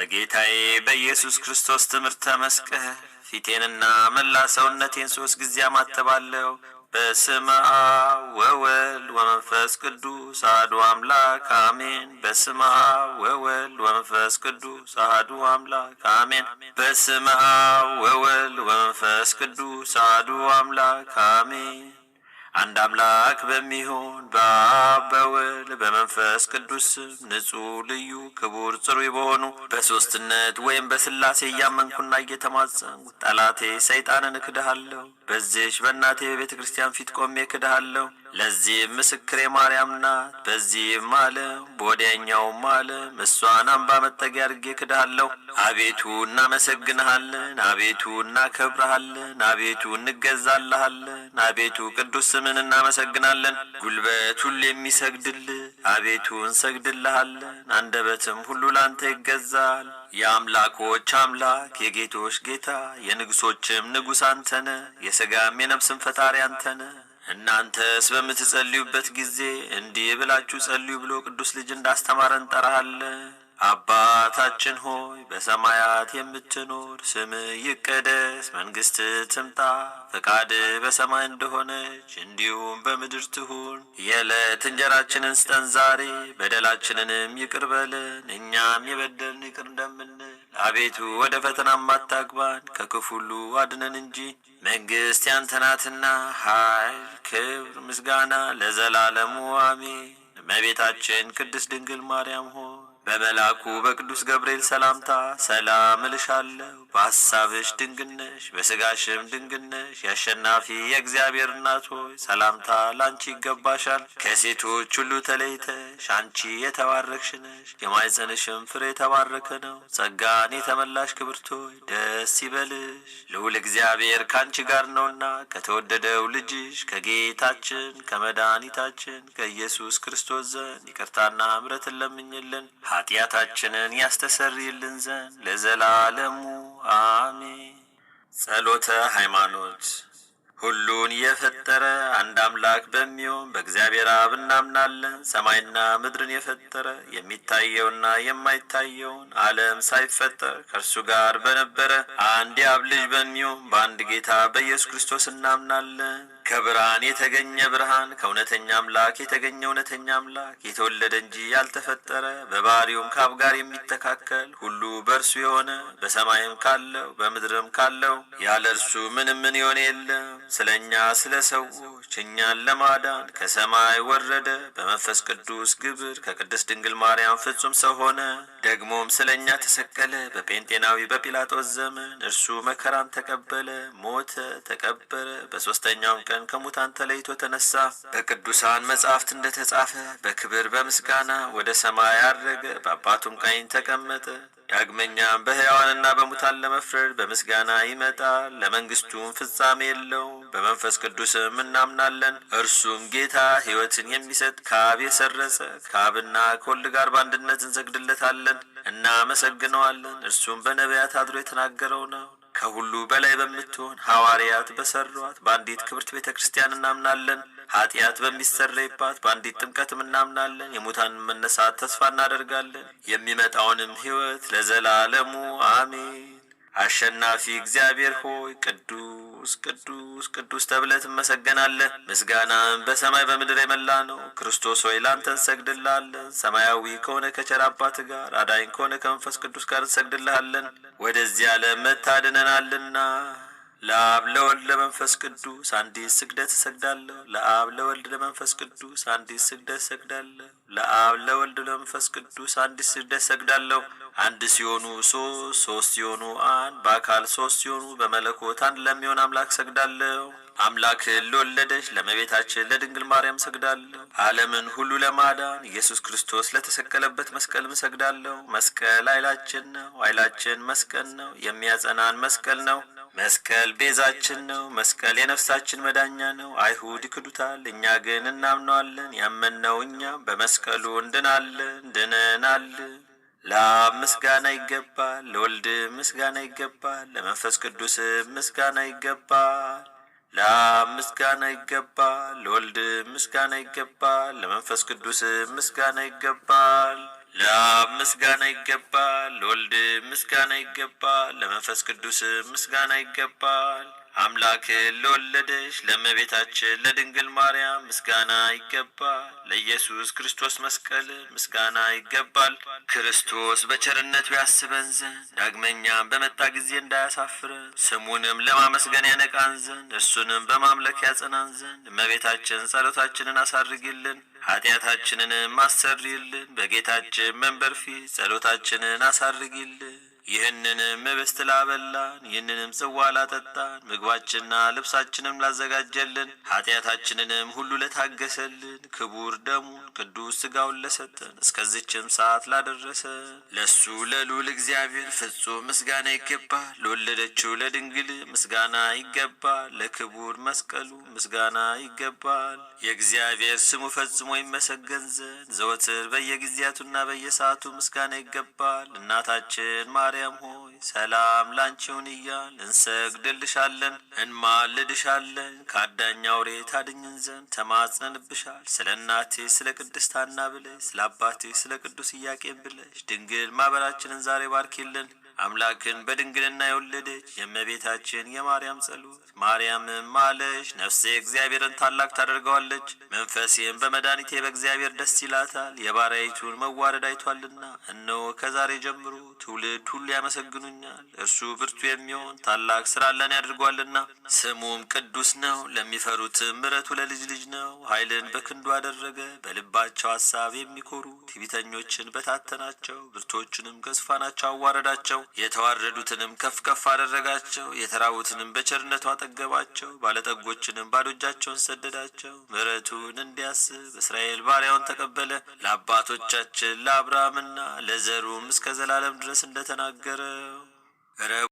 በጌታዬ በኢየሱስ ክርስቶስ ትምህርተ መስቀል ፊቴንና መላ ሰውነቴን ሶስት ጊዜ አማተባለሁ። በስመ አብ ወወልድ ወመንፈስ ቅዱስ አሐዱ አምላክ አሜን። በስመ አብ ወወልድ ወመንፈስ ቅዱስ አሐዱ አምላክ አሜን። በስመ አብ ወወልድ ወመንፈስ ቅዱስ አሐዱ አምላክ አሜን። አንድ አምላክ በሚሆን በአብ በወልድ በመንፈስ ቅዱስ ንጹ ንጹሕ ልዩ ክቡር ጽሩይ በሆኑ በሦስትነት ወይም በሥላሴ እያመንኩና እየተማጸንኩ ጠላቴ ሰይጣንን እክድሃለሁ። በዚሽ በእናቴ ቤተ ክርስቲያን ፊት ቆሜ እክድሃለሁ። ለዚህም ምስክሬ ማርያም ናት። በዚህም ዓለም በወዲያኛውም ዓለም እሷን አምባ መጠጊያ አድርጌ ክድሃለሁ። አቤቱ እናመሰግንሃለን። አቤቱ እናከብረሃለን። አቤቱ እንገዛልሃለን። አቤቱ ቅዱስ ስምን እናመሰግናለን። ጉልበት ሁሉ የሚሰግድል አቤቱ እንሰግድልሃለን። አንደበትም ሁሉ ላንተ ይገዛል። የአምላኮች አምላክ የጌቶች ጌታ የንጉሶችም ንጉሥ አንተነ የሥጋም የነፍስም ፈጣሪ አንተነ። እናንተስ በምትጸልዩበት ጊዜ እንዲህ ብላችሁ ጸልዩ ብሎ ቅዱስ ልጅ እንዳስተማረን እንጠራሃለን። አባታችን ሆይ በሰማያት የምትኖር፣ ስም ይቀደስ፣ መንግስት ትምጣ፣ ፈቃድ በሰማይ እንደሆነች እንዲሁም በምድር ትሁን። የዕለት እንጀራችንን ስጠን ዛሬ፣ በደላችንንም ይቅር በለን እኛም የበደልን ይቅር እንደምንል። አቤቱ ወደ ፈተና ማታግባን ከክፉ ሁሉ አድነን እንጂ መንግስት ያንተ ናትና፣ ኃይል፣ ክብር፣ ምስጋና ለዘላለሙ አሜን። እመቤታችን ቅድስት ድንግል ማርያም ሆይ በመልአኩ በቅዱስ ገብርኤል ሰላምታ ሰላም እልሻለሁ። በሐሳብሽ ድንግነሽ በስጋሽም ድንግነሽ የአሸናፊ የእግዚአብሔር እናት ሆይ ሰላምታ ላንቺ ይገባሻል። ከሴቶች ሁሉ ተለይተሽ አንቺ የተባረክሽ ነሽ፣ የማኅፀንሽም ፍሬ የተባረከ ነው። ጸጋን የተመላሽ ክብርት ሆይ ደስ ይበልሽ፣ ልዑል እግዚአብሔር ከአንቺ ጋር ነውና ከተወደደው ልጅሽ ከጌታችን ከመድኃኒታችን ከኢየሱስ ክርስቶስ ዘንድ ይቅርታና እምረትን ለምኝልን። ኃጢአታችንን ያስተሰርይልን ዘንድ ለዘላለሙ አሜን። ጸሎተ ሃይማኖት ሁሉን የፈጠረ አንድ አምላክ በሚሆን በእግዚአብሔር አብ እናምናለን። ሰማይና ምድርን የፈጠረ የሚታየውና የማይታየውን ዓለም ሳይፈጠር ከእርሱ ጋር በነበረ አንድ የአብ ልጅ በሚሆን በአንድ ጌታ በኢየሱስ ክርስቶስ እናምናለን። ከብርሃን የተገኘ ብርሃን ከእውነተኛ አምላክ የተገኘ እውነተኛ አምላክ የተወለደ እንጂ ያልተፈጠረ በባህሪውም ካብ ጋር የሚተካከል ሁሉ በእርሱ የሆነ በሰማይም ካለው በምድርም ካለው ያለ እርሱ ምንም ምን የሆነ የለም። ስለ እኛ ስለ ሰዎች እኛን ለማዳን ከሰማይ ወረደ። በመንፈስ ቅዱስ ግብር ከቅድስት ድንግል ማርያም ፍጹም ሰው ሆነ። ደግሞም ስለ እኛ ተሰቀለ። በጴንጤናዊ በጲላጦስ ዘመን እርሱ መከራን ተቀበለ፣ ሞተ፣ ተቀበረ። በሶስተኛውም ቀን ጌታችን ከሙታን ተለይቶ ተነሳ። በቅዱሳን መጻሕፍት እንደ ተጻፈ በክብር በምስጋና ወደ ሰማይ አድረገ፣ በአባቱም ቀኝ ተቀመጠ። ዳግመኛም በሕያዋንና በሙታን ለመፍረድ በምስጋና ይመጣል። ለመንግሥቱም ፍጻሜ የለው። በመንፈስ ቅዱስም እናምናለን። እርሱም ጌታ ሕይወትን የሚሰጥ ከአብ የሰረጸ ከአብና ከወልድ ጋር በአንድነት እንሰግድለታለን፣ እናመሰግነዋለን። እርሱም በነቢያት አድሮ የተናገረው ነው። ከሁሉ በላይ በምትሆን ሐዋርያት በሰሯት በአንዲት ክብርት ቤተ ክርስቲያን እናምናለን። ኃጢአት በሚሰረይባት በአንዲት ጥምቀትም እናምናለን። የሙታን መነሳት ተስፋ እናደርጋለን። የሚመጣውንም ሕይወት ለዘላለሙ አሜን። አሸናፊ እግዚአብሔር ሆይ ቅዱስ ቅዱስ ቅዱስ ተብለ እመሰገናለን። ምስጋናን በሰማይ በምድር የመላ ነው። ክርስቶስ ሆይ ላንተ እንሰግድልሃለን። ሰማያዊ ከሆነ ከቸር አባት ጋር አዳኝ ከሆነ ከመንፈስ ቅዱስ ጋር እንሰግድልሃለን። ወደዚህ ዓለም መታድነናልና ለአብ ለወልድ ለመንፈስ ቅዱስ አንዲት ስግደት እሰግዳለሁ። ለአብ ለወልድ ለመንፈስ ቅዱስ አንዲት ስግደት እሰግዳለሁ። ለአብ ለወልድ ለመንፈስ ቅዱስ አንዲት ስግደት እሰግዳለሁ። አንድ ሲሆኑ ሶስት፣ ሶስት ሲሆኑ አንድ፣ በአካል ሶስት ሲሆኑ በመለኮት አንድ ለሚሆን አምላክ እሰግዳለሁ። አምላክን ለወለደች ለመቤታችን ለድንግል ማርያም እሰግዳለሁ። ዓለምን ሁሉ ለማዳን ኢየሱስ ክርስቶስ ለተሰቀለበት መስቀልም እሰግዳለሁ። መስቀል ኃይላችን ነው። ኃይላችን መስቀል ነው። የሚያጸናን መስቀል ነው። መስቀል ቤዛችን ነው። መስቀል የነፍሳችን መዳኛ ነው። አይሁድ ይክዱታል፣ እኛ ግን እናምነዋለን። ያመንነው እኛ በመስቀሉ እንድናለን ድነናል። ለአብ ምስጋና ይገባል፣ ለወልድ ምስጋና ይገባል፣ ለመንፈስ ቅዱስ ምስጋና ይገባል። ለአብ ምስጋና ይገባል፣ ለወልድ ምስጋና ይገባል፣ ለመንፈስ ቅዱስ ምስጋና ይገባል። ለአብ ምስጋና ይገባል፣ ለወልድ ምስጋና ይገባል፣ ለመንፈስ ቅዱስ ምስጋና ይገባል አምላክ ለወለደች ለእመቤታችን ለድንግል ማርያም ምስጋና ይገባል። ለኢየሱስ ክርስቶስ መስቀል ምስጋና ይገባል። ክርስቶስ በቸርነቱ ያስበን ዘንድ ዳግመኛም በመጣ ጊዜ እንዳያሳፍረን ስሙንም ለማመስገን ያነቃን ዘንድ እርሱንም በማምለክ ያጸናን ዘንድ እመቤታችን ጸሎታችንን አሳርጊልን፣ ኃጢአታችንንም አሰሪልን። በጌታችን መንበር ፊት ጸሎታችንን አሳርጊልን። ይህንንም ኅብስት ላበላን ይህንንም ጽዋ ላጠጣን ምግባችንና ልብሳችንም ላዘጋጀልን ኃጢአታችንንም ሁሉ ለታገሰልን ክቡር ደሙን ቅዱስ ሥጋውን ለሰጠን እስከዚችም ሰዓት ላደረሰን ለሱ ለሉል እግዚአብሔር ፍጹም ምስጋና ይገባል። ለወለደችው ለድንግል ምስጋና ይገባል። ለክቡር መስቀሉ ምስጋና ይገባል። የእግዚአብሔር ስሙ ፈጽሞ ይመሰገን ዘንድ ዘወትር በየጊዜያቱና በየሰዓቱ ምስጋና ይገባል። እናታችን ማ ማርያም ሆይ ሰላም ላንቺውን እያል እንሰግድልሻለን፣ እንማልድሻለን። ከአዳኛ ውሬ ታድኝን ዘንድ ተማጽነንብሻል። ስለ እናቴ ስለ ቅድስት ሐና ብለሽ ስለ አባቴ ስለ ቅዱስ ኢያቄም ብለሽ ድንግል ማህበራችንን ዛሬ ባርኪልን። አምላክን በድንግልና የወለደች የእመቤታችን የማርያም ጸሎት። ማርያምም ማለች፣ ነፍሴ እግዚአብሔርን ታላቅ ታደርገዋለች፣ መንፈሴም በመድኃኒቴ በእግዚአብሔር ደስ ይላታል፣ የባሪያይቱን መዋረድ አይቷልና። እነሆ ከዛሬ ጀምሮ ትውልድ ሁሉ ያመሰግኑኛል። እርሱ ብርቱ የሚሆን ታላቅ ስራ ለእኔ ያድርጓልና፣ ስሙም ቅዱስ ነው። ለሚፈሩትም ምረቱ ለልጅ ልጅ ነው። ኃይልን በክንዱ አደረገ፣ በልባቸው ሀሳብ የሚኮሩ ትቢተኞችን በታተናቸው፣ ብርቶችንም ከዙፋናቸው አዋረዳቸው። የተዋረዱትንም ከፍ ከፍ አደረጋቸው፣ የተራቡትንም በቸርነቱ አጠገባቸው፣ ባለጠጎችንም ባዶ እጃቸውን ሰደዳቸው። ምሕረቱን እንዲያስብ እስራኤል ባሪያውን ተቀበለ፣ ለአባቶቻችን ለአብርሃምና ለዘሩም እስከ ዘላለም ድረስ እንደተናገረው